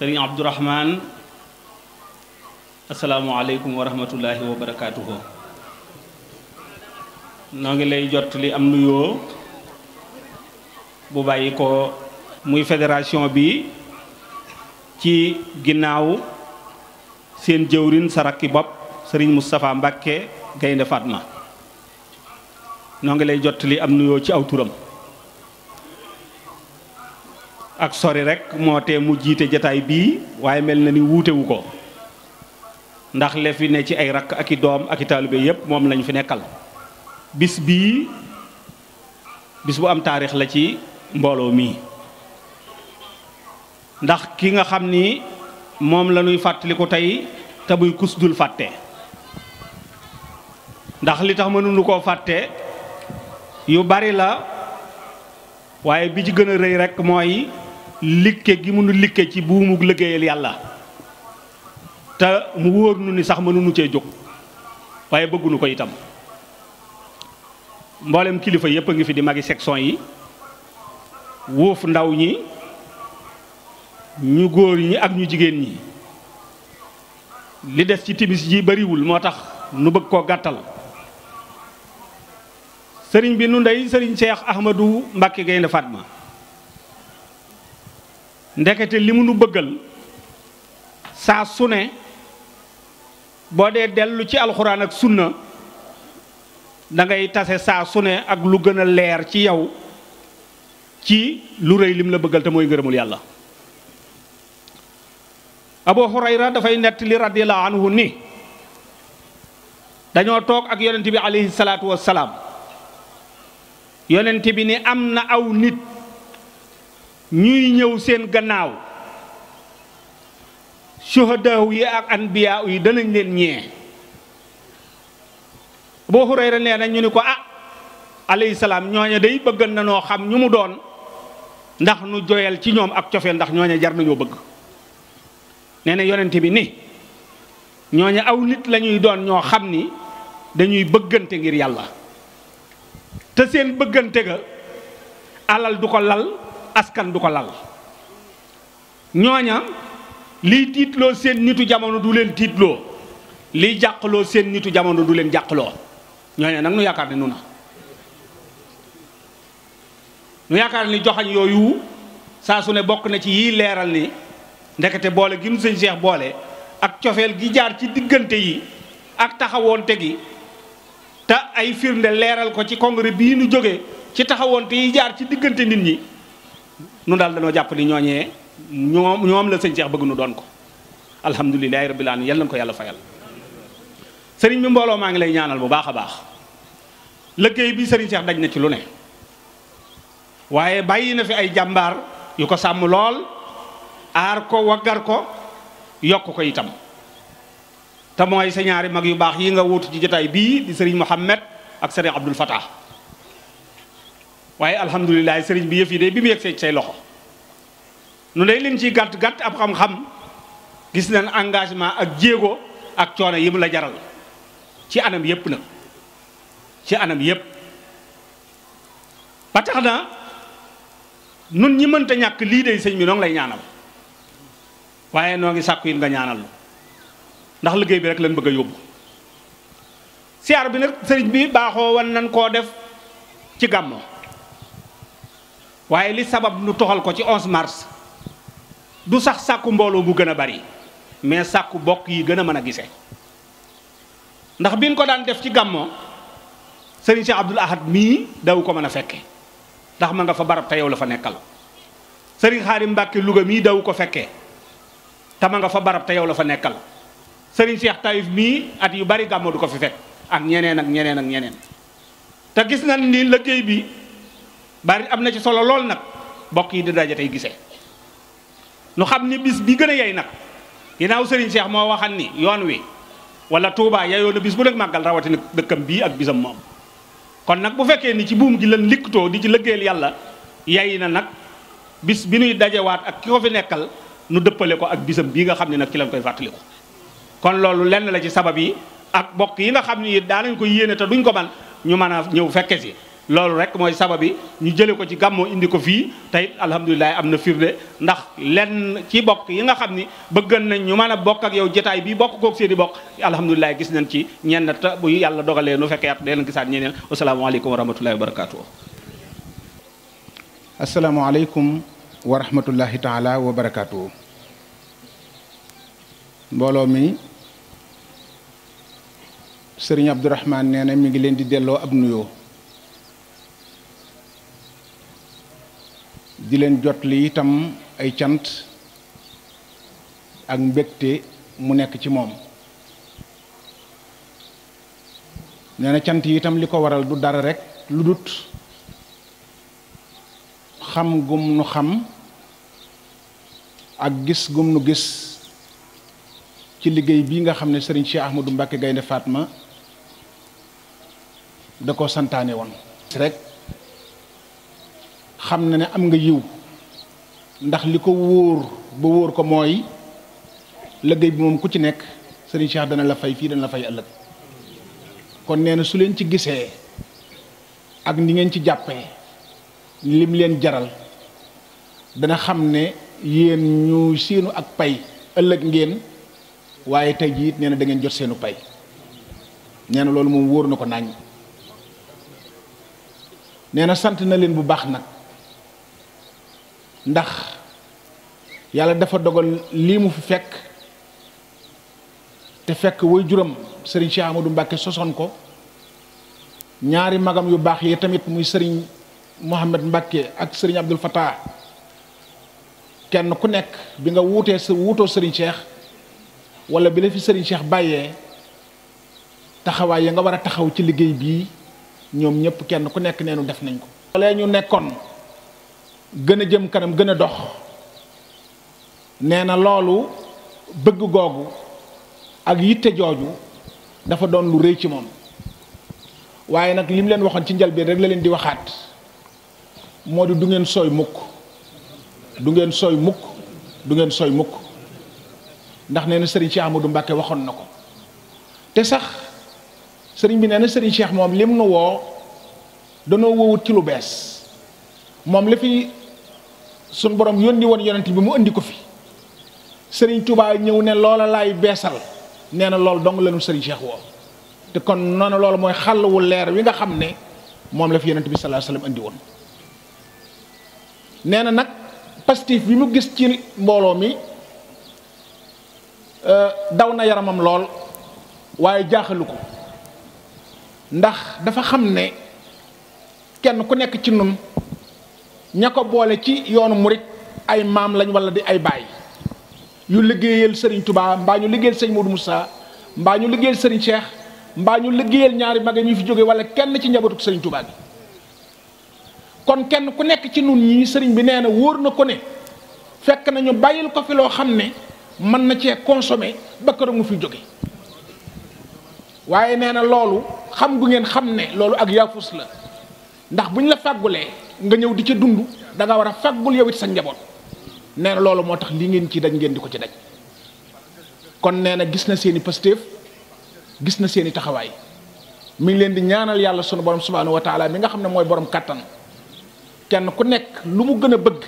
sëriñ Abdourahman asalaamualeykum wa rahmatullahi wa barakaatuhu noo ngi lay jot li am nuyoo bu bàyyi ko muy fédération bi ci ginnaaw seen jëwrin saraki bopp sëriñ Moustapha Mbacke Gaynde Fatma noo ngi lay jot li am nuyoo ci aw turam ak sori rekk moo tee mu jiite jataay bii waaye mel na ni wuutewu ko ndax le fi ne ci ay rakk aki doom ak i taalibe yépp moom lañu fi nekkal bis bii bis bu am taarix la ci mbooloo mi ndax ki nga xam ni moom lañuy ñuy fàttaliku tey te muy kus dul fàtte ndax li tax mënuñu koo fàtte yu bari la waaye bi ci gën a rëy rekk mooy likke gi mënu likke ci buumu liggéeyal yàlla te mu wóor nu ni sax mënuñu cee jóg waaye bëgguñu ko itam mboolem kilifa yépp a ngi fi di magi section yi wóof ndaw ñi ñu góor ñi ak ñu jigéen ñi li des ci timis ji bariwul moo tax nu bëgg koo gàttal sëriñ bi nu ndey sëriñ Cheikh Ahmadou Mbacké Gaynde Fatma ndekete li nu bëggal saa su boo dee dellu ci alxuraan ak sunna dangay tase saa su ak lu gën a leer ci yow ci lu rëy lim la bëggal te mooy ngërëmul yàlla abu hurayra dafay nettali radiyallahu anhu ni dañoo toog ak yonent bi aleyhi yonent bi ni am na aw nit ñuy ñëw seen gannaaw suhadaaw yi ak anbiyaa yi danañ leen ñee boo Hurayra nee na ñu ni ko ah alayhi salaam ñooña day bëggan nañoo xam ñu mu doon ndax nu joyal ci ñoom ak cofeel ndax ñooña jar nañoo bëgg nee na yonent bi ni ñooña aw nit lañuy doon ñoo xam ni dañuy bëggante ngir yàlla te seen bëggante ga alal du ko lal askan du ko lal ñoña li titlo sen nitu jamono du len titlo li jàqloo sen nitu jamono du len jàqloo ñoña nak nu yaakaar ni nu na nu yaakaar ni joxañ yoyu sa su ne bok na ci yi leral ni ndekete boole gi nu seigne Cheikh boole ak tiofel gi jaar ci digeunte yi ak taxawonte gi ta ay firnde leral ko ci congrès bi ñu joge ci taxawonte yi jaar ci digeunte nit ñi nun daal dañoo jàpp ni ñooñee ñoom ñoom la sëñ Cheikh bëgg nu doon ko alhamdulilahi rabbil alamin yàlla na ko yàlla fayal sëriñ bi mbooloo maa ngi lay ñaanal bu baax a baax liggéey bi sëriñ Cheikh daj na ci lu ne waaye bàyyi na fi ay jàmbaar yu ko sàmm lool aar ko waggar ko yokk ko itam te mooy sa mag yu baax yi nga wuutu ci jotaay bii di sëriñ Mouhamed ak sëriñ Abdul Fattah waaye alhamdulilah sëriñ bi yëf yi day bi mu yegsee say loxo nu day leen ciy gàtt gàtt ab xam-xam gis nañ engagement ak jéego ak coono yi mu la jaral ci anam yépp nag ci anam yépp ba tax na nun ñi mënta ñàkk lii day sëñ bi noo lay ñaanal waaye noo ngi sàkku yit nga ñaanal lu ndax liggéey bi rek lañ bëgg a yóbbu siyaar bi nag sëriñ bi baaxoo wan nan koo def ci gàmmo waye li sabab nu toxal ko ci 11 mars du sax sakku mbolo bu gëna bari mais sakku bokk yi gëna mëna gisé gise ndax biñ ko daan def ci gammo serigne Cheikh Abdoul Ahad mi daw ko mëna fekke ndax ma nga fa barab tayew la fa nekkal serigne kharim Mbàkke louga mi daw ko fekke ta ma nga fa barab tayew la fa nekkal serigne Cheikh taif mi at yu bari gammo du ko fi fek ak ñeneen ak ñeneen ak ñeneen ta gis nañ ni liggey bi bari am na ci solo lool nag mbokk yi di daje tey gisee nu xam ni bis bi gën a yey nag ginnaaw Serigne Cheikh moo waxan ni yoon wi wala Touba yeyoo na bis bu nekk màggal rawatina dëkkam bii ak bisam moom. kon nag bu fekkee ni ci buum gi lan likkutoo di ci lëggéeyal yàlla yey na nag bis bi nuy dajewaat ak ki ko fi nekkal nu dëppale ko ak bisam bii nga xam ne nag ci lañ koy fàttaliku. kon loolu lenn la ci sabab yi ak mbokk yi nga xam ni daanañ ko yéene te duñ ko man ñu mën a ñëw fekkee si. loolu rek mooy sabab bi ñu jële ko ci gàmmoo indi ko fii tey alhamdulilah am na firnde ndax lenn ci bokk yi nga xam ni bëggan nañ ñu mën a bokk ak yow jotaay bii bokk kook seen i bokk alhamdulilah gis nañ ci ñenn ta yàlla dogalee nu fekkee at dee leen gisaat ñeneen asalaamaaleykum wa rahmatullahi wa barakaatu. asalaamaaleykum wa rahmatullahi taala mbooloo mi sëriñ Abdourahman nee na mi ngi leen di delloo ab nuyoo. di leen jot itam ay chant ak mbégte mu nekk ci moom nee na cant yi itam li waral du dara rek lu xam gum nu xam ak gis gum nu gis ci liggéey bii nga xam ne sëriñ Cheikh Ahmadou Fatma da ko santaane rek xam na ne am nga yiw ndax li ko wóor ba wóor ko mooy liggéey bi moom ku ci nekk sëriñ Cheikh dana la fay fii dana la fay ëllëg kon nee na su leen ci gisee ak ni ngeen ci jàppee lim leen jaral dana xam ne yéen ñu seenu ak pay ëllëg ngeen waaye tey jii it dangeen jot seenu pay nee na loolu moom wóor na ko nàññ nee na sant na leen bu baax nag ndax yàlla dafa dogal lii mu fi fekk te fekk way juram sëriñ Cheikh Amadou Mbacke sosoon ko ñaari magam yu baax yi tamit muy sëriñ Mohamed Mbacke ak sëriñ Abdul Fattah kenn ku nekk bi nga wuutee sa wuutoo Cheikh wala bi la fi sëriñ Cheikh bàyyee taxawaay ya nga war a taxaw ci liggéey bii ñoom ñëpp kenn ku nekk neenu def nañ ko. loolee ñu nekkoon. gën a jëm kanam gën a dox nee na loolu bëgg googu ak yitte jooju dafa doon lu rëy ci moom waaye nag li leen waxoon ci njëlbeen rek la leen di waxaat moo di du ngeen sooy mukk du ngeen sooy mukk du ngeen sooy mukk ndax nee na sëriñ Cheikh Amadou Mbacke waxoon na ko te sax sëriñ bi nee na sëriñ Cheikh moom lim nu woo danoo wowut ci lu bees moom la fi suñ borom yónni woon yonent bi mu indi ko fi sëriñ Touba ñëw ne loola laay beesal nee na lool dong lenu sëriñ Cheikh woo te kon noonu loolu mooy xàllwu leer wi nga xam ne moom la fi yonent bi sallallahu alayhi indi woon nee na nag pastif bi mu gis ci mbooloo mi euh, daw na yaramam lool waaye jaaxalu ko ndax dafa xam ne kenn ku nekk ci nun ña ko boole ci yoonu murit ay maam lañ walla di ay baay yu liggéeyal sëriñ Touba mbaa ñu liggéeyal sëñ Modou Moussa mbaa ñu liggéeyal sëriñ Cheikh mbaa ñu liggéeyal ñaari mag yu fi jóge wala kenn ci njabootu sëriñ Touba kon kenn ku nekk ci nun sëriñ bi nee na wóor na ko ne fekk nañu bàyyil ko loo xam ne mën na cee consommer ba mu fi jóge waaye nee na loolu xam gu ngeen xam ne loolu ak yaafus la ndax bu ñu la fàggulee nga ñew di ci dund da nga wara fagul yowit sa njabot neena loolu moo tax li ngeen ci dañ ngeen di ci daj kon neena gis na seeni pastéef gis na seeni taxawaay mi ngi leen di ñaanal yàlla sunu borom subhanahu wa taala mi nga xam ne mooy borom kàttan kenn ku nekk lu mu gën a bëgg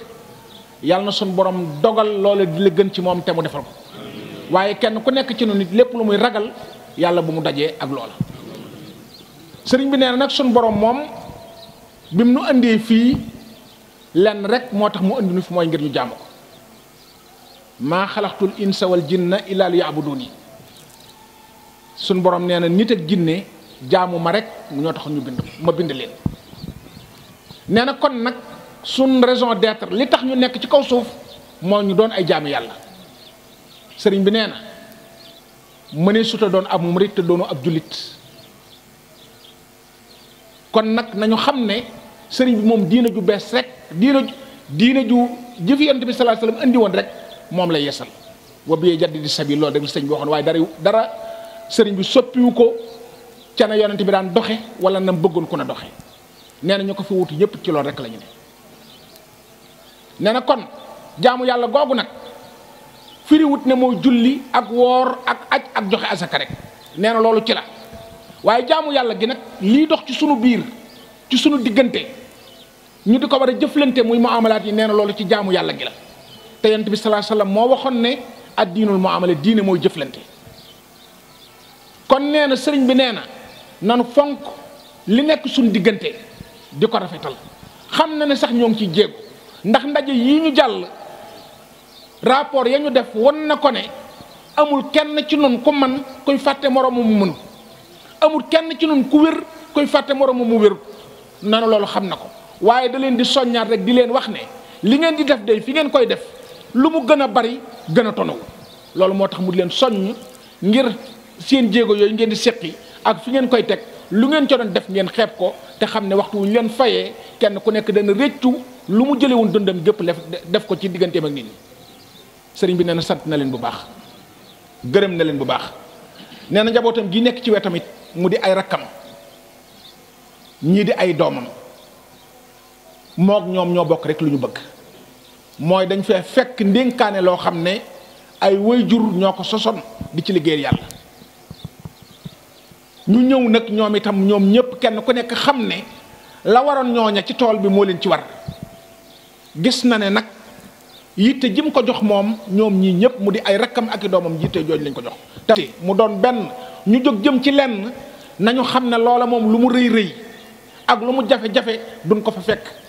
yàlla na sunu borom dogal loolu di la gën ci moom te mu defal ko waaye kenn ku nekk ci nu nit lépp lu muy ragal yàlla bu mu dajee ak loola sëriñ bi neena sunu borom moom bi mu nu andee fii lenn rek moo tax mu andi nu fi mooy ngir ñu jaamu ko maa xalaxtul insa wal jinna bu li yi suñ borom nee na nit ak jinne jaamu ma rek ñoo tax ñu bind ma bind leen nee na kon nag suñ raison d'être li tax ñu nekk ci kaw suuf moo ñu doon ay jaamu yàlla sëriñ bi nee na mënee suta doon ab murit te doonu ab jullit kon nag nañu xam ne sëriñ bi moom diina ju bees rekk diina diina ju jëf yonent bi sallallahu alayhi woon rek moom la yesal wa biyee jaddi di sabi loolu rek sëriñ bi waxoon waaye dara dara sëriñ bi soppiwu ko ca na yonent bi daan doxe wala nam bëggoon ku na doxe nee na ñu ko fi wutu yépp ci loolu rek la ñu ne nee na kon jaamu yàlla googu nag firiwut ne moo julli ak woor ak aj ak joxe asaka rek nee na loolu ci la waaye jaamu yàlla gi nag lii dox ci sunu biir ci sunu diggante ñu di ko war a jëflante muy amalaat yi nee na loolu ci jaamu yàlla gila la te yonent bi sallallahu alayhi moo waxoon ne ad diinul muamala diine mooy jëflante kon nee na sëriñ bi nee na nanu fonk li nekk suñ diggante di ko rafetal xam na ne sax ñoom ngi ciy jéego ndax ndaje yi ñu jàll rapport ya ñu def won na ko ne amul kenn ci nun ku man kuy fàtte moromu mu mënu amul kenn ci nun ku wér kuy fàtte moromu mu wér nanu loolu xam na ko waaye da leen di soññaat rek di leen wax ne li ngeen di def de fi ngeen koy def lu mu gën a bari gën a tonawu loolu moo tax mu di leen soññ ngir seen jéego yooyu ngeen di seqi ak fi ngeen koy teg lu ngeen co def ngeen xeeb ko te xam ne waxtu wu ñu leen fayee kenn ku nekk dana réccu lu mu jëlee woon dundam gépp def ko ci digganteem ak nit ñi sëriñ bi nee na sant na leen bu baax gërëm na leen bu baax nee na njabootam gi nekk ci wetamit mu di ay rakkam ñii di ay doomam. mook ñoom ñoo bokk rek lu ñu bëgg mooy dañ fee fekk ndénkaane loo xam ne ay jur ñoo ko sosoon di ci liggéey yàlla ñu ñëw nag ñoom itam ñoom ñépp kenn ku nekk xam ne la waroon ñooña ci tool bi moo leen ci war gis na ne nag yitte ji mu ko jox moom ñoom ñii ñépp mu di ay rakkam ak i doomam yitte jooju lañ ko jox te mu doon benn ñu jóg jëm ci lenn nañu xam ne loola moom lu mu rëy rëy ak lu mu jafe-jafe duñ ko fa fekk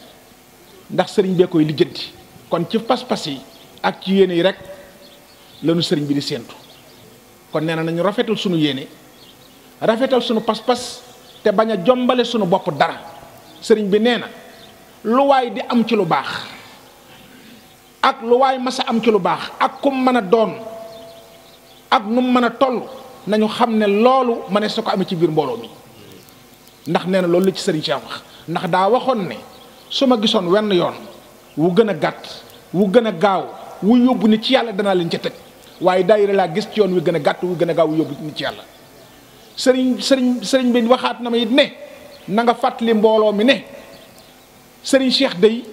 ndax sëriñ bee koy lijeenti kon ci pas pass yi ak ci yene yi rek lañu sëriñ bi di sentu kon neena nañu rafetal sunu yene rafetal sunu pas-pas te baña jombalé jombale sunu dara sëriñ bi neena lu way di am ci lu bax ak lu ma masa am ci lu bax ak kum mëna doon ak num mëna toll nañu xam loolu mané su am ci bir mbolo mi ndax neena loolu ci sëriñ Cheikh wax ndax da waxon ne su ma gisoon wenn yoon wu gën a gàtt wu gën a gaaw wu yóbbu ni ci yàlla danaa leen ca teg waaye daayira laa gis ci yoon wi gën a gàtt wu gën a gaaw wu yóbbu ni ci yàlla sëriñ sëriñ sëriñ bi waxaat na ma it ne na nga fàttali mbooloo mi ne sëriñ Cheikh day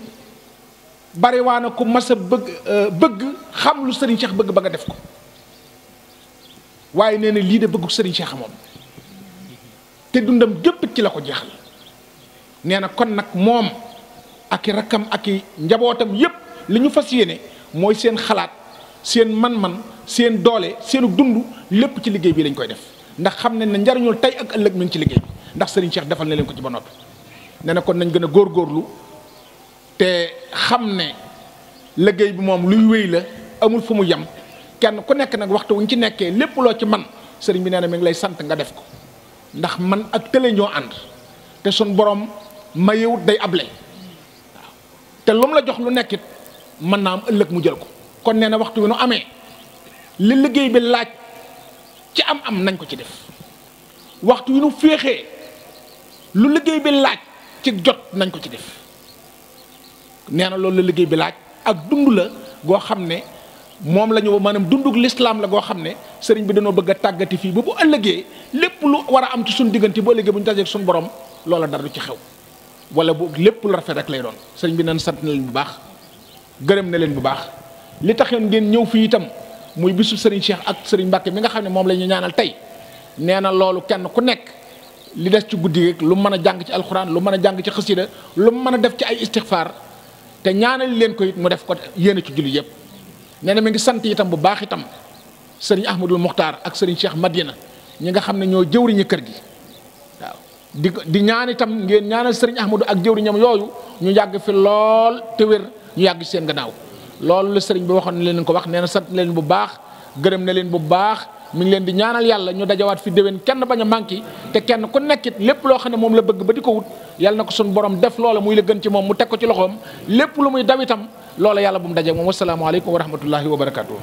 bariwaa na ku mas a bëgg euh, bëgg xam lu sëriñ Cheikh bëgg ba nga def ko waaye nee na lii de bëggu sëriñ Cheikh moom te dundam gépp ci la ko jeexal nee na kon nag moom ak i rakkam ak i njabootam yépp li ñu fas yéene mooy seen xalaat seen man-man seen doole seenu dund lépp ci liggéey bi lañ koy def ndax xam ne ne njariñul tey ak ëllëg mi ci liggéey bi ndax Serigne Cheikh defal na leen ko ci ba noppi ne na nañ gën a góorgóorlu te xam ne liggéey bi moom luy wéy la amul fu mu yem kenn ku nekk nag waxtu wuñ ci nekkee lépp loo ci man sëriñ bi nee na mi ngi lay sant nga def ko ndax man ak tële ñoo ànd te sun borom mayewut day able te lu mu la jox lu nekkit mën naa am ëllëg mu jël ko kon nee na waxtu wi nu amee li liggéey bi laaj ci am am nañ ko ci def waxtu wi nu féexee lu liggéey bi laaj ci jot nañ ko ci def nee na loolu la liggéey bi laaj ak dund la goo xam ne moom la ñu maanaam dunduk lislaam la goo xam ne sëriñ bi dañoo bëgg a tàggati fii ba bu ëllëgee lépp lu war a am ci suñu diggante bu ëllëgee bu ñu tajee ak suñ borom loola dara du ci xew wala bu lepp lu rafet rek lay doon sëriñ bi nan sant na leen bu baax gërëm na leen bu baax li tax ngeen ñëw fi itam muy bisu serigne Cheikh ak serigne Mbacke mi nga xamne mom lañu ñaanal tay neena na loolu kenn ku nekk li des ci guddi rek lu mën jang ci alxuraan lu mën jang ci khassida lu mën def ci ay istighfar te ñaanal leen ko it mu def ko ci julli yeb neena mi ngi sant itam bu baax itam serigne Ahmadul mukhtar ak serigne Cheikh Madina ñi nga xamne ñoo jëwriñu kër gi. di di ñaan itam ngeen ñaanal sëriñ Ahmadou ak jëwriñam yooyu ñu yàgg fi lool te wér ñu yàgg seen gannaaw loolu la sëriñ bi waxoon na leen ko wax nee na sant leen bu baax gërëm na leen bu baax mi leen di ñaanal yàlla ñu dajawaat fi déwén kenn bañ a manqué te kenn ku nekkit lépp loo xam ne moom la bëgg ba di ko wut yàlla na ko suñu borom def loola muy gën ci moom mu teg ko ci loxoom lépp muy daw itam loola yàlla bu mu daje moom wasalaamaaleykum wa rahmatullahi wa barakaatu.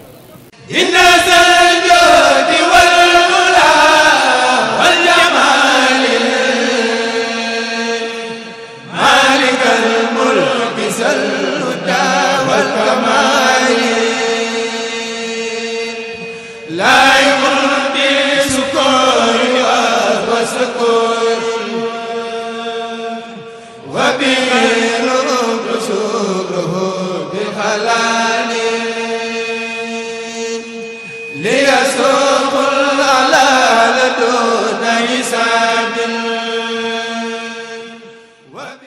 Isa